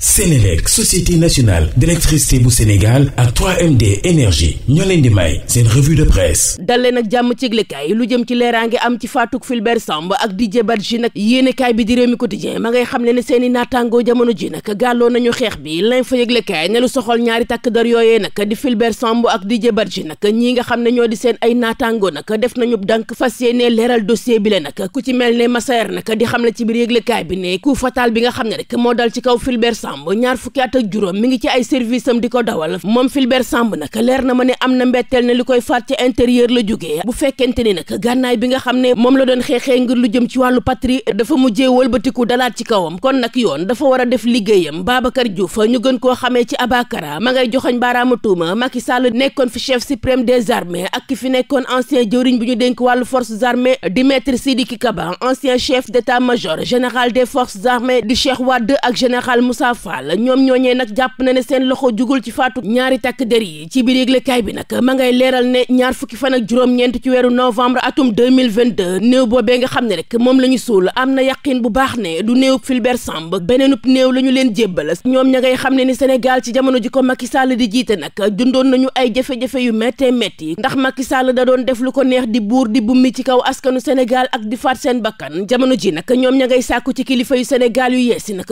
Sénélec société nationale d'électricité bu Sénégal ak 3MD énergie ñoo leen di may seen revue de presse dal leen ak jàmm ci yëglekaay lu jëm ci leeraa ngi am ci faatuk Fulbert Samb ak Didier Badji nag yéenekaay bi di Rewmi Quotidien a ngay xam ne ne seen i naataangoo jamono ji nag gàlloo nañu xeex bi lañ fa yëglekaay ne lu soxol ñaari takk dar yooye nag di Fulbert Samb ak Didier Badji nag ñi nga xam ne ñoo di seen ay naataangoo nag def nañu dànk fas yéene leeral dossier bi la nag ku ci mel ne Massaer nag di xam ne ci biir yëglekaay bi ne coup bi nga xam ne rek moo dal ci kaw Fulbert Samb ñaar fukki at ak juróom mi ngi ci ay service di ko dawal moom Fulbert Samb nag leer na ma ne am na mbetteel ne li koy faat ci intérieur la jógee bu fekkente ni nag gànnaay bi nga xam ne moom la doon xeexee ngir lu jëm ci wàllu patrie dafa mujjee wëlbatiku dalaat ci kawam kon nag yoon dafa war a def liggéeyam Babacar Diouf ñu gën koo xamee ci Abakara ma ngay joxoñ baaraama tuuma nekkoon fi chef suprême des armées ak fi nekkoon ancien Fall ñoom ñooñee nag jàpp na ne seen loxo jugul ci faatu ñaari takk der yi ci biir yëglekaay bi nag ma ngay leeral ne ñaar fukki fan ak juróom-ñeent ci weeru novembre atum 2022 néew boobee nga xam ne rek moom la ñu suul am na yàqin bu baax ne du néewub Fulbert Samb beneenub néew la ñu leen jébbal ñoom ña ngay xam ne ni Sénégal ci jamono ji ko Macky Sall di jiite nag dundoon nañu ay jafe-jafe yu méttee métti ndax Macky Sall da doon def lu ko neex di buur di bummi ci kaw askanu Sénégal ak di faat seen bakkan jamono ji nag ñoom ña ngay sàkku ci kilifa yu Sénégal yu yeesi nag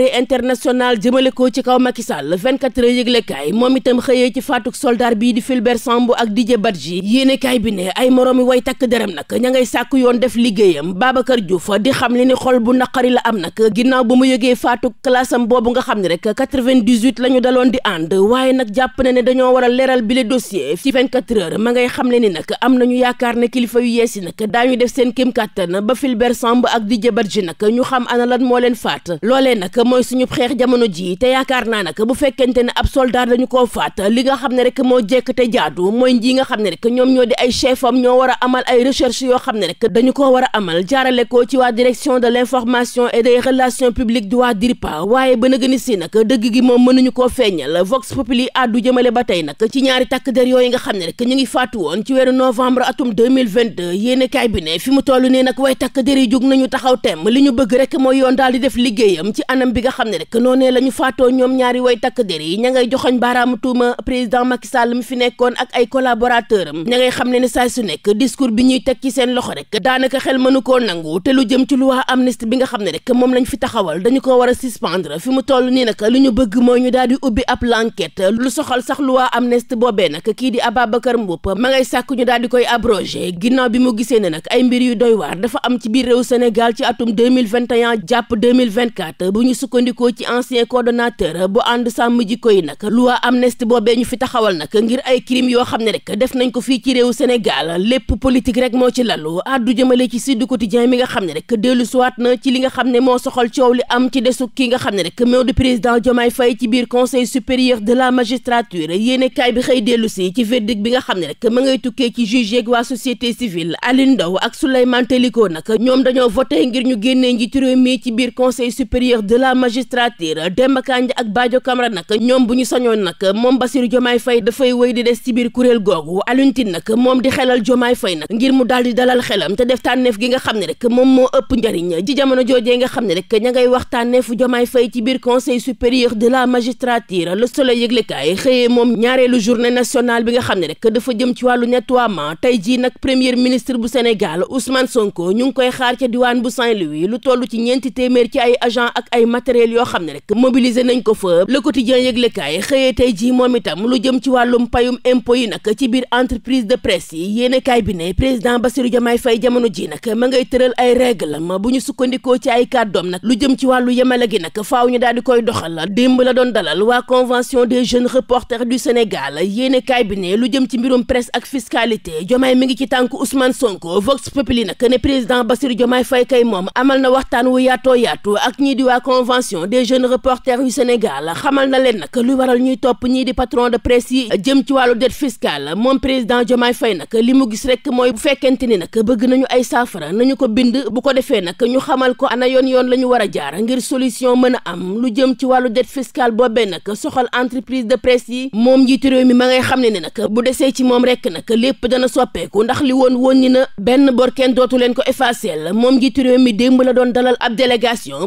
arrêt international jëmale ko ci kaw Macky Sall 24 heures yëglekaay moom itam xëyee ci faatuk soldaar bii di Fulbert Sambou ak Didier Badji yéenekaay bi ne ay moroomi way takk derem nag ña ngay sàkku yoon def liggéeyam Babacar Diouf di xam le ni xol bu naqari la am nag ginnaaw ba mu yëgee faatuk classam boobu nga xam ne rek 98 la ñu daloon di ànd waaye nag jàpp na ne dañoo war a leeral bi le dossier ci 24 heures ma ngay xam le ni nag am nañu yaakaar ne kilifa yu yees yi nag daañu def seen kéem kàttan ba Fulbert Sambou ak Didier Badji nag ñu xam ana lan moo leen faat loolee nag mooy suñu xeex jamono ji te yaakaar naa nag bu fekkente ne ab soldaar dañu ko faat li nga xam ne rek moo jekk te jaadu mooy ji nga xam ne rek ñoom ñoo di ay chef am ñoo war a amal ay recherche yoo xam ne rek dañu ko war amal jaarale ko ci waa direction de l'information et des relations di waa DIRPA waaye ba nag si nag dëgg gi moom mënuñu koo feeñal Vox Populi àddu jëmale ba tey nag ci ñaari takk der yooyu nga xam ne rek ñu ngi faatu woon ci weeru novembre atum 2022 yéene kaay bi ne fi mu toll nii nag way takk der yi jug nañu taxaw temm li ñu bëgg rek mooy yoon daal di def liggéeyam ci anam bi bi nga xam ne rek noonee la ñu faatoo ñoom ñaari way takk der yi ña ngay joxoñ baaraamu tuuma président Macky Sall mi fi nekkoon ak ay collaborateur am ña ngay xam ne ne saa su nekk discours bi ñuy teg ci seen loxo rek daanaka xel mënu koo nangu te lu jëm ci loi amnistie bi nga xam ne rek moom lañ fi taxawal dañu ko war a suspendre fi mu toll nii nag lu ñu bëgg mooy ñu daal di ubbi ab l'enquête lu soxal sax lu loi amnistie boobee nag kii di Ababacar Mboup ma ngay sàkk ñu daal di koy abrogé ginnaaw bi mu gisee ne nag ay mbir yu doy waar dafa am ci biir réew Sénégal ci atum 2021 jàpp 2024 bu ñu sukkandikoo ci ancien coordonnateur bu ànd sàmm jikko yi nag loi amnistie boobee ñu fi taxawal nag ngir ay crime yoo xam ne rek def nañ ko fii ci réew Sénégal lépp politique rek moo ci lalu addu jëmale ci Sud Quotidien mi nga xam ne rek dellu siwaat na ci li nga xam ne moo soxal coow li am ci desu ki nga xam ne rek moo di président Diomaye Faye ci biir conseil supérieur de la magistrature yéenekaay bi xëy dellu si ci verdict bi nga xam ne rek ma ngay tukkee ci juge yeeg waa société civile Aline Ndao ak Souleymane Teliko nag ñoom dañoo voté ngir ñu génnee njiitu réew mi ci biir conseil supérieur magistrature Demba Kandji ak Badio Camara nag ñoom bu ñu sañoon nag moom Bassirou Diomaye fay dafay wéy di des ci biir kuréel googu Alioune Tine nag moom di xelal Diomaye Faye nag ngir mu daal di dalal xelam te def tànneef gi nga xam ne rek moom moo ëpp njariñ ci jamono joojee nga xam ne rek ña ngay wax tànneefu Diomaye fay ci biir conseil supérieur de la magistrature Le Soleil yëglekaay xëyee moom ñaareelu journée nationale bi nga xam ne rek dafa jëm ci wàllu nettoiement tey jii nag premier ministre bu Sénégal Ousmane Sonko ñu ngi koy xaar lu toll ci ñeenti téeméer ci ay agent matériel yoo xam ne rek mobiliser nañ ko fa le quotidien yëglekaay xëyee tey ji moom itam lu jëm ci wàllum payum impôt yi nag ci biir entreprise de presse yi yéenekaay bi ne président Bassirou Diomaye Faye jamono ji nag ma ngay tëral ay règlement bu ñu sukkandikoo ci ay kàddoom nag lu jëm ci di koy doxal démb la doon dalal waa convention des jeunes reporters du Sénégal yéenekaay bi ne lu jëm ci mbirum presse ak fiscalité Diomaye mi ngi ci tànk Ousmane Sonko Vox Populi nag ne président Bassirou Diomaye Faye kay moom amal na waxtaan wu yaatoo yaatu ak ñii di waa convention des jeunes reporters yu Sénégal xamal na leen nag lu waral ñuy topp ñii di patron de presse yi jëm ci wàllu dette fiscale moom président Diomaye Faye nag li mu gis rek mooy bu fekkente ni nag bëgg nañu ay saafara nañu ko bind bu ko defee nag ñu xamal ko ana yoon yoon la ñu war a jaar ngir solution mën a am lu jëm ci wàllu dette fiscale boobee nag soxal entreprise de presse yi moom njiitu réew mi ma ngay xam ne ne nag bu desee ci moom rek nag lépp dana soppeeku ndax li woon woon na benn bor dootu leen ko effacer moom njiitu réew mi démb la doon dalal ab délégation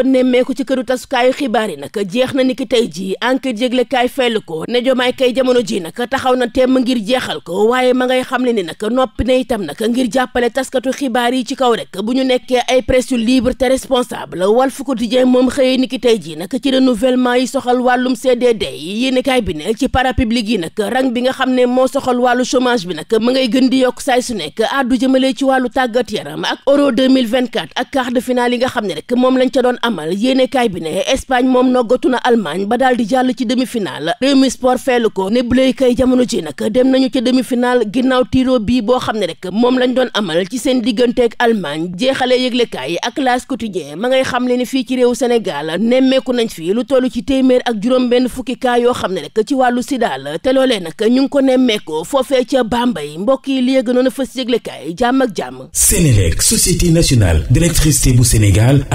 doon nemmeeku ci këru tasukaayu xibaar yi nag jeex na ni ki tey jii enquête yëglekaay fell ko ne jomaay kay jamono ji nag taxaw na temm ngir jeexal ko waaye ma ngay xam ne ni nag noppi ne itam nag ngir jàppale taskatu xibaar yi ci kaw rek bu ñu nekkee ay presse yu libre te responsable Walf Quotidien moom xëyee ni ki tey jii nag ci renouvellement yi soxal wàllum CDD yi yéenekaay bi ne ci parapublic yi nag rang bi nga xam ne moo soxal wàllu chômage bi nag ma gën di yokk saay su nekk addu jëmale ci wàllu tàggat yaram ak euro 2024 ak quart de finale nga xam ne moom lañ amal yéenekaay bi ne Espagne moom noggatu na Allemagne ba daal di jàll ci demi-finale Rewmi Sport feelu ko ne Bley kay jamono ji nag dem nañu ca demi-finale ginnaaw tiro bii boo xam ne rek moom lañ doon amal ci seen digganteeg Allemagne jeexale yëglekaay ak L'As Quotidien ma ngay xam le ne fii ci réew Sénégal nemmeeku nañ fii lu toll ci téeméer ak juróom-benn fukki yoo xam ne rek ci wàllu sida la te loolee nag ñu ngi ko nemmeekoo foofee ca Bambey mbokk yi li yëg noonu fës yëglekaay jàmm ak jàmm Sénélec société nationale d'électricité bu Sénégal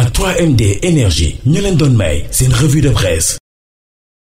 énergie ñu leen doon may seen revue de presse